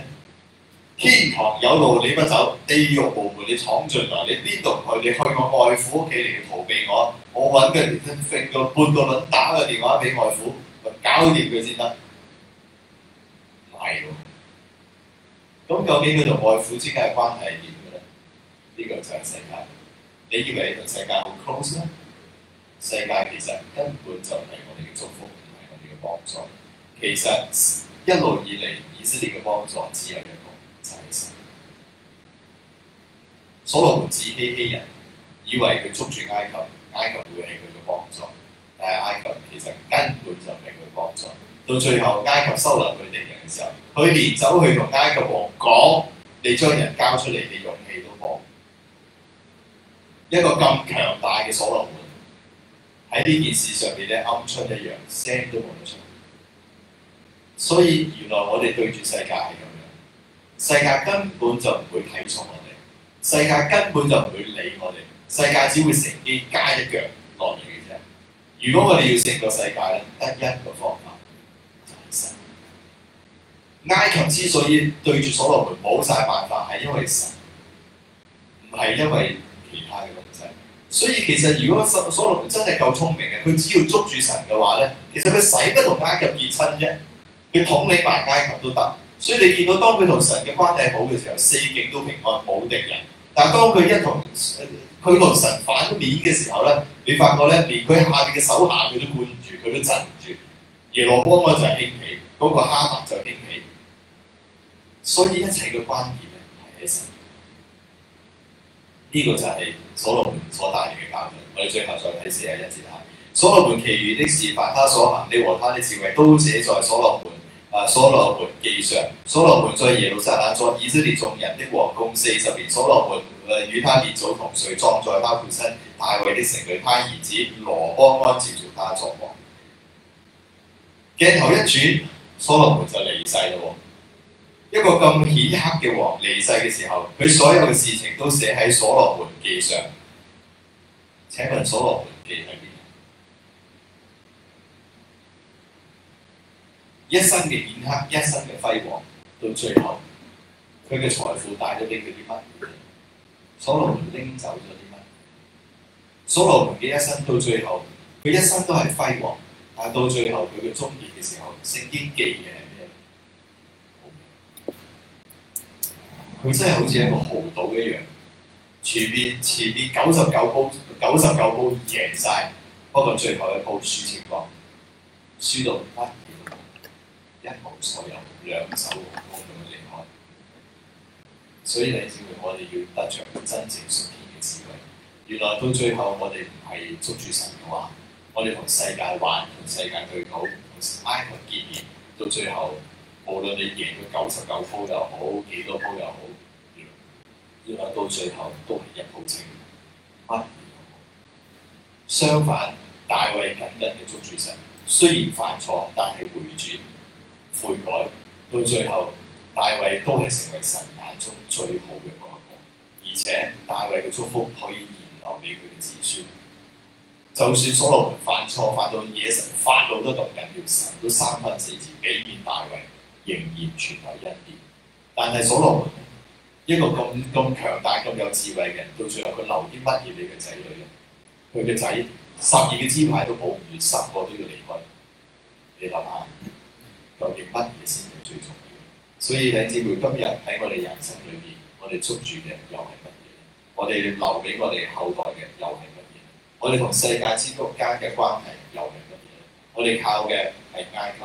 天堂有路你不走，地獄無門你闖進來，你邊度去？你去我外父屋企嚟逃避我？我揾佢，升個半個輪，打個電話俾外父，咪搞掂佢先得。係喎，咁究竟佢同外父之間嘅關係係點嘅咧？呢、呢個就係世界。你以為呢個世界好 close 咧？世界其實根本就唔係我哋嘅祝福，唔係我哋嘅幫助。其實一路以嚟，以色列嘅幫助只有一個，就係神。所羅門自欺欺人，以為佢捉住埃及，埃及會係佢嘅幫助。但係埃及其實根本就唔係佢幫助。到最後，埃及收留佢敵人嘅時候，佢連走去同埃及王講：你將人交出嚟，你用氣到。一個咁強大嘅所羅門喺呢件事上邊咧，暗出一樣聲都冇得出。所以原來我哋對住世界係咁樣，世界根本就唔會睇錯我哋，世界根本就唔會理我哋，世界只會乘機加一腳落嚟嘅啫。如果我哋要勝過世界咧，得一個方法就係神。埃及之所以對住所羅門冇晒辦法，係因為神，唔係因為。其他嘅東西，所以其實如果索所羅真係夠聰明嘅，佢只要捉住神嘅話咧，其實佢使得同埃及結親啫，佢統理大埃及都得。所以你見到當佢同神嘅關係好嘅時候，四境都平安冇敵人。但係當佢一同佢同神反面嘅時候咧，你發覺咧，連佢下邊嘅手下佢都管唔住，佢都鎮唔住。耶羅波安就興起，嗰、嗰個哈達就興起。所以一切嘅關鍵係神。呢個就係所羅門所帶嚟嘅教訓。我哋最後再睇四十一節啦。所羅門其餘的事，凡他所行的和他的智慧，都寫在所羅門啊，所羅門記上。所羅門在耶路撒冷作以色列眾人的王共四十年。所羅門誒，與他列祖同睡，葬在他父親大衛的城裏。他兒子羅波安接續他作王。鏡頭一轉，所羅門就離世啦喎。一個咁顯赫嘅王離世嘅時候，佢所有嘅事情都寫喺所羅門記上。請問所羅門記喺邊？一生嘅顯赫，一生嘅輝煌，到最後佢嘅財富帶咗俾佢啲乜？所羅門拎走咗啲乜？所羅門嘅一生到最後，佢一生都係輝煌，但到最後佢嘅終點嘅時候，聖經記嘅。佢真係好似一個豪賭一樣，前面前面九十九鋪九十九鋪贏晒，不過最後一鋪輸情況，輸到唔翻面，一無所有，兩手空空離開。所以你知唔知我哋要得着真正屬天嘅智慧？原來到最後我哋唔係捉住神嘅話，我哋同世界玩，同世界對口，同埋結義，到最後。無論你贏咗九十九鋪又好，幾多鋪又好，依個到最後都係一鋪清，啊嗯。相反，大衛緊緊嘅捉住神，雖然犯錯，但係回轉悔改，到最後大衛都係成為神眼中最好嘅一個，而且大衛嘅祝福可以延留俾佢嘅子孫。就算所羅門犯錯犯到惹神發怒，都動緊要，神都三分四治畀面大衛，仍然存有一年，但係所羅門一個咁咁強大、咁有智慧嘅人，到最後佢留啲乜嘢俾佢仔女咧？佢嘅仔十二嘅支派都保唔住，十個都要離開。你諗下，究竟乜嘢先係最重要？所以李姊妹，今日喺我哋人生裏面，我哋捉住嘅又係乜嘢？我哋留俾我哋後代嘅又係乜嘢？我哋同世界之間嘅關係又係乜嘢？我哋靠嘅係埃及。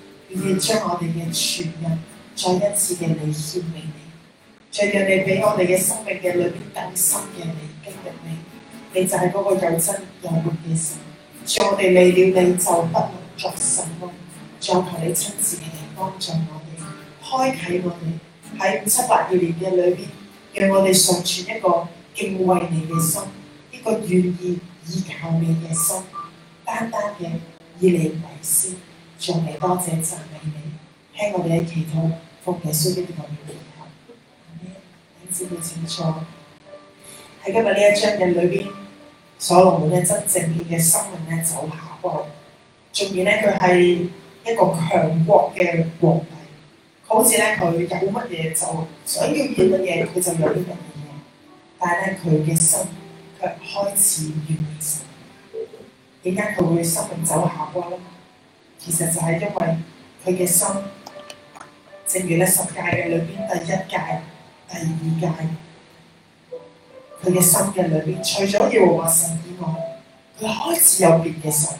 要將我哋嘅全人再一次嘅獻俾你，再讓你俾我哋嘅生命嘅裏邊更深嘅你經歷你，你就係嗰個又真又活嘅神。在我哋未了你就不能作神咯。再求你親自嘅嚟幫助我哋，開啟我哋喺五七八二年嘅裏邊，讓我哋存存一個敬畏你嘅心，一個願意倚靠你嘅心，單單嘅以你為先。仲未多謝神明呢？聽我哋喺祈禱、服耶穌嘅道義嘅時候咧，你知唔清楚？喺今日呢一章嘅裏邊，所羅門咧真正嘅生命咧走下坡。仲見咧佢係一個強國嘅皇帝，好似咧佢有乜嘢就想要演乜嘢，佢就有乜嘢。但係咧佢嘅心卻開始怨恨神。點解佢會生命走下坡咧？其實就係因為佢嘅心，正如咧十誡嘅裏邊第一誡、第二誡，佢嘅心嘅裏邊，除咗耶和華神以外，佢開始有別嘅神。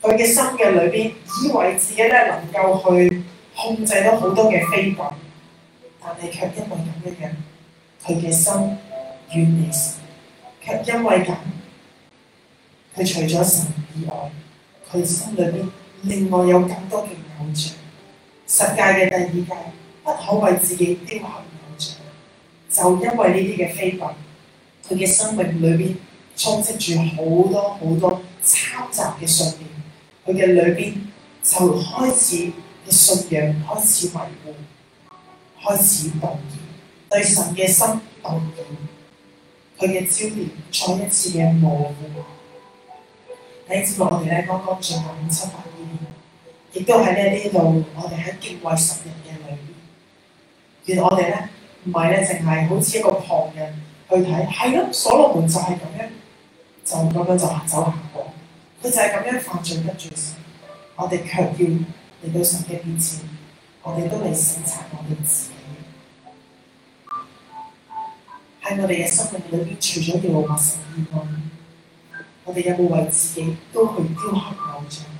佢嘅心嘅裏邊，以為自己咧能夠去控制到好多嘅妃嬪，但係卻因為咁嘅人，佢嘅心遠離神，卻因為咁，佢除咗神以外，佢心裏邊，另外有咁多嘅偶像，十誡嘅第二誡，不可為自己雕刻偶像，就因為呢啲嘅飛棍，佢嘅生命裏邊充斥住好多好多抄襲嘅信念，佢嘅裏邊就開始嘅信仰開始迷糊，開始動搖，對神嘅心動搖。佢嘅焦點再一次嘅模糊。你節目我哋咧剛剛進行五七分？亦都喺呢一度，我哋喺敬畏神人嘅裏面，而我哋咧唔係咧，淨係好似一個旁人去睇，係、嗯、咯，所羅門就係咁樣，就咁樣走走走走走走就行走行過，佢就係咁樣犯罪得罪神。我哋卻要嚟到神嘅面前，我哋都嚟審查我哋自己。喺我哋嘅生命裏邊裡，除咗要默神以外，我哋有冇為自己都去雕刻偶像？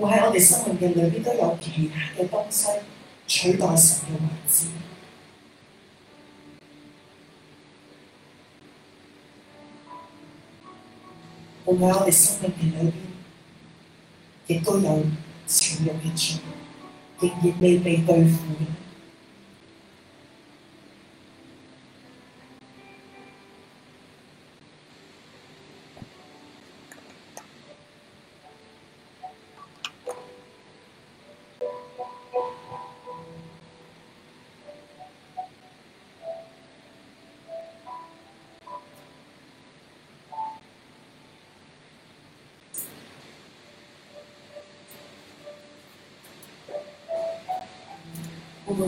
會喺我哋生命嘅裏邊都有其他嘅東西取代神嘅位置，會喺我哋生命嘅裏邊亦都有潛入嘅罪，仍然未被對付。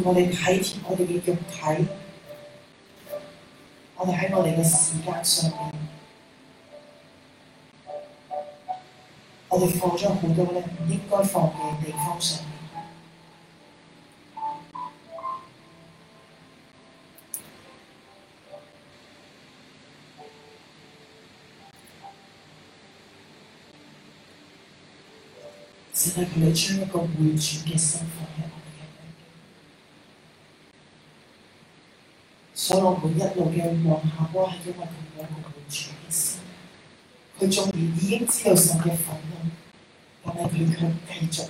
我哋睇，我哋嘅肉體，我哋喺我哋嘅時間上面，我哋放咗好多咧唔應該放嘅地方上面。聖經佢哋將一個回轉嘅生活。我每一路嘅往下坡，係因為佢冇回轉信心。佢縱然已經知道神嘅憤怒，但係佢卻繼續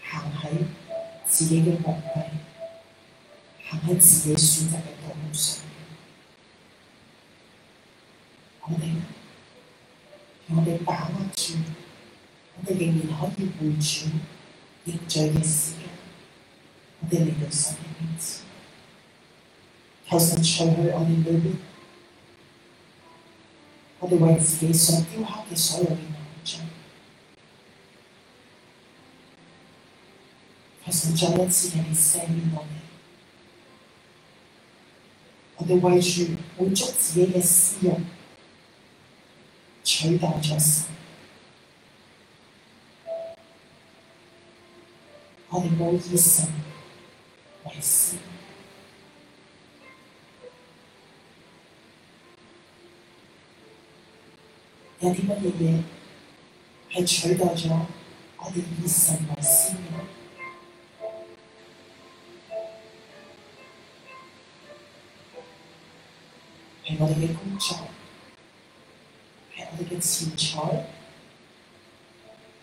行喺自己嘅惡徑，行喺自己選擇嘅道路上。我哋，我哋把握住，我哋仍然可以回轉凝聚嘅責任，我哋嚟到神面前。求神除去我哋裏邊，我哋為自己所雕刻嘅所有嘅偶像，求神再一次是聖潔嘅，我哋我哋為住滿足自己嘅私欲，取代咗神，我哋冇以神為先。有啲乜嘢嘢係取代咗我哋以神為先嘅？係 我哋嘅工作，係我哋嘅錢財，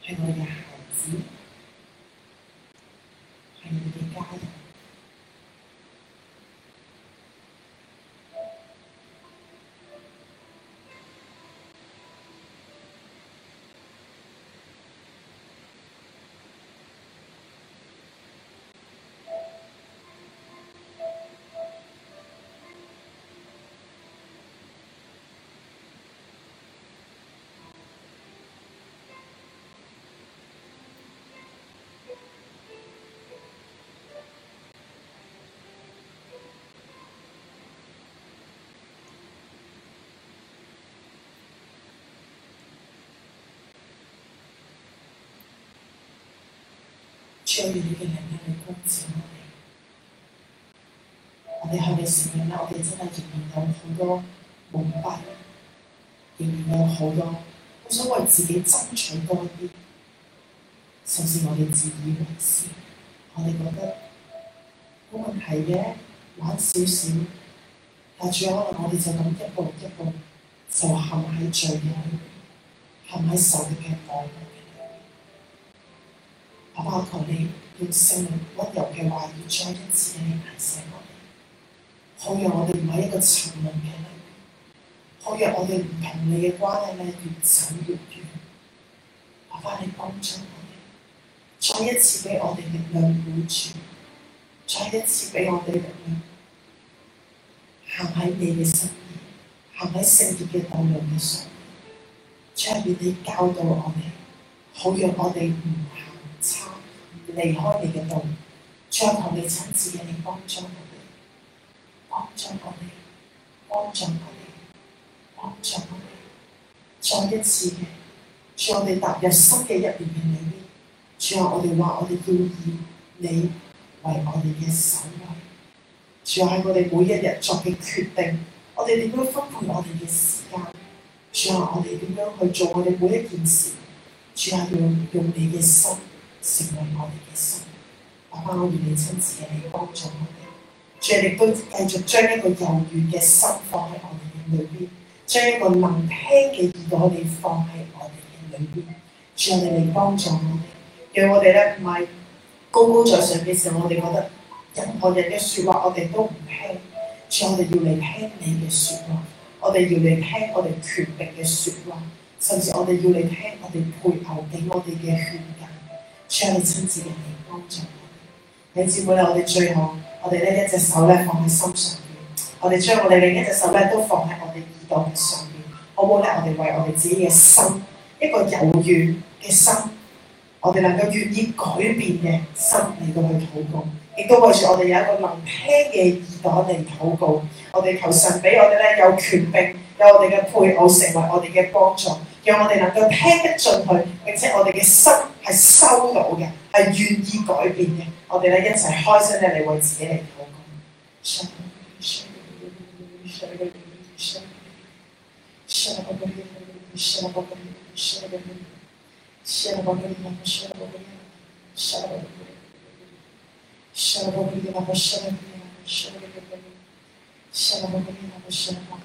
係我哋嘅孩子。需要呢啲人去攻佔我哋，我哋向住信仰啦，我哋真係仲有好多夢幻，仍然有好多，好想為自己爭取多啲，甚至我哋自以為是，我哋覺得冇問題嘅，玩少少，但最有可能我哋就咁一步一步，就陷喺罪人，陷喺仇敵嘅網。我求你用聖潔溫柔嘅話語，再一次嚟提醒我哋，好讓我哋唔係一個沉淪嘅人，好讓我哋唔同你嘅關係咧越走越遠，我翻嚟幫助我哋，再一次俾我哋力量倚住，再一次俾我哋力量行喺你嘅心意，行喺聖潔嘅道路嘅上面，再俾你教導我哋，好讓我哋唔。離開你嘅道，將同你親自嘅地方幫助我哋，幫助我哋，幫助我哋，幫助我哋，再一次嘅，在我哋踏入新嘅一年嘅裏邊，主啊，我哋話我哋要以你為我哋嘅首位，主啊，喺我哋每一日作嘅決定，我哋點樣分配我哋嘅時間，主啊，我哋點樣去做我哋每一件事，主啊，用用你嘅心。成為我哋嘅心，我媽要領親自嘅你，幫助我哋，主你都繼續將一個柔軟嘅心放喺我哋嘅裏邊，將一個能聽嘅耳朵你放喺我哋嘅裏邊，你嚟幫助我哋，讓我哋咧唔係高高在上嘅時候，我哋覺得任何人嘅説話我哋都唔聽，主我哋要嚟聽你嘅説話，我哋要嚟聽我哋權力嘅説話，甚至我哋要嚟聽我哋配偶俾我哋嘅勸。將你親自嘅嘢，幫助我，你姊妹咧，我哋最好。我哋咧一隻手咧放喺心上邊，我哋將我哋另一隻手咧都放喺我哋耳朵嘅上邊。好冇咧，我哋為我哋自己嘅心，一個猶豫嘅心，我哋能夠願意改變嘅心嚟到去禱告，亦都望住我哋有一個能聽嘅耳朵嚟禱告。我哋求神俾我哋咧有權柄，有我哋嘅配偶成為我哋嘅幫助，讓我哋能夠聽得進去，並且我哋嘅心係收到嘅，係願意改變嘅。我哋呢一齊開心地嚟為自己嚟禱告。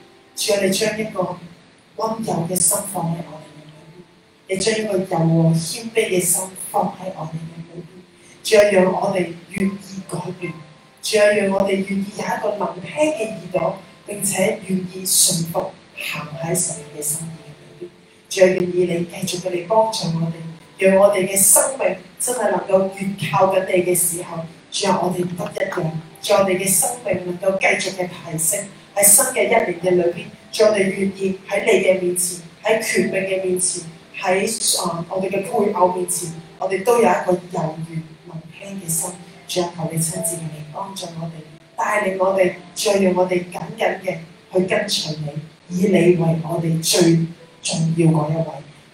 主要你將一個溫柔嘅心放喺我哋嘅裏邊，你將一個柔和謙卑嘅心放喺我哋嘅裏邊，主要讓我哋願意改變，主要讓我哋願意有一個能聽嘅耳朵，並且願意順服行喺神嘅心意嘅裏邊，主要願意你繼續佢哋幫助我哋，讓我哋嘅生命真係能夠越靠緊你嘅時候，主要我哋不一樣，主要我哋嘅生命能夠繼續嘅提升。喺新嘅一年嘅裏邊，我你願意喺你嘅面前，喺權力嘅面前，喺誒、uh，我哋嘅配偶面前，我哋都有一個柔軟聞聽嘅心，再求你親自嚟幫助我哋，帶領我哋，再讓我哋緊緊嘅去跟隨你，以你為我哋最重要嗰一位。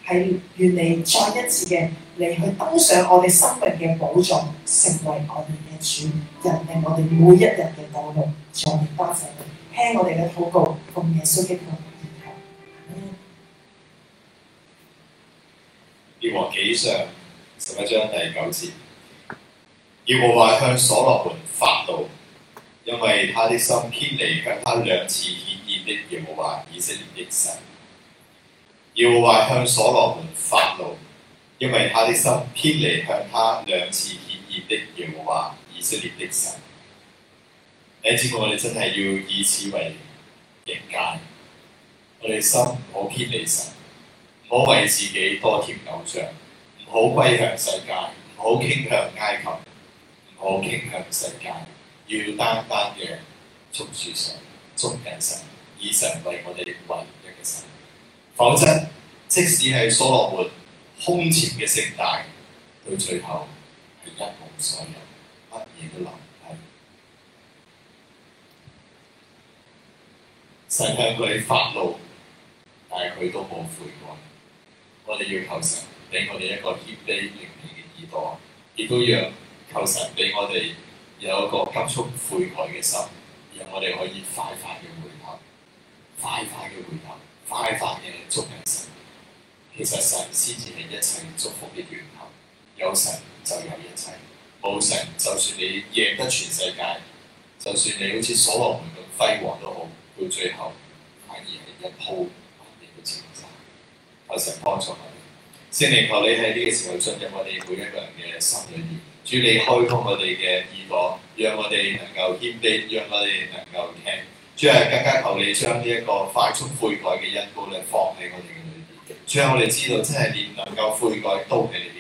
係願你再一次嘅嚟去登上我哋生命嘅寶座，成為我哋嘅主人，令我哋每一日嘅道路，再嚟感謝你。聽我哋嘅禱告，奉耶穌基督。列王紀上十一章第九節：耶和華向所羅門發怒，因為他的心偏離向他兩次顯現的耶和華以色列的神。耶和華向所羅門發怒，因為他的心偏離向他兩次顯現的耶和華以色列的神。你知我哋真係要以此為警戒，我哋心唔好偏離神，唔好為自己多添偶像，唔好歸向世界，唔好傾向埃及，唔好傾向世界，要單單嘅捉住神、捉緊神，以神為我哋唯一嘅神。否則，即使係所羅門空前嘅盛大，到最後係一無所有，乜嘢都冇。就向佢發怒，但係佢都冇悔改。我哋要求神俾我哋一個謙卑認罪嘅耳朵，亦都要求神俾我哋有一個急速悔改嘅心，讓我哋可以快快嘅回頭，快快嘅回頭，快快嘅祝福神。其實神先至係一切祝福嘅源頭，有神就有一切，冇神就算你贏得全世界，就算你好似所羅門咁輝煌都好。到最後反而係一鋪，我哋嘅錢散，我神幫助我哋，聖靈求你喺呢、這個時候進入我哋每一個人嘅心裏面，主你開通我哋嘅耳朵，讓我哋能夠謙卑，讓我哋能夠聽。主係更加求你將呢一個快速悔改嘅音高咧放喺我哋嘅裏面。主係我哋知道，真係連能夠悔改都未。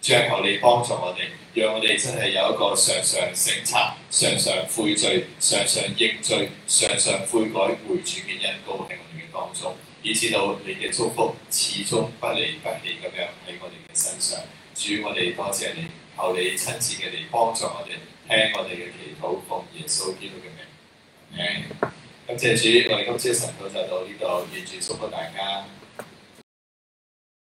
求求你幫助我哋，讓我哋真係有一個常常省察、常常悔罪、常常認罪、常常悔改回轉嘅恩膏喺我哋嘅當中，以至到你嘅祝福始終不離不棄咁樣喺我哋嘅身上。主，我哋多謝你，求你親自嘅嚟幫助我哋，聽我哋嘅祈禱，奉耶穌基督嘅名。感、嗯、咁謝，謝主，我哋今次嘅禱告就到呢度，完全祝福大家。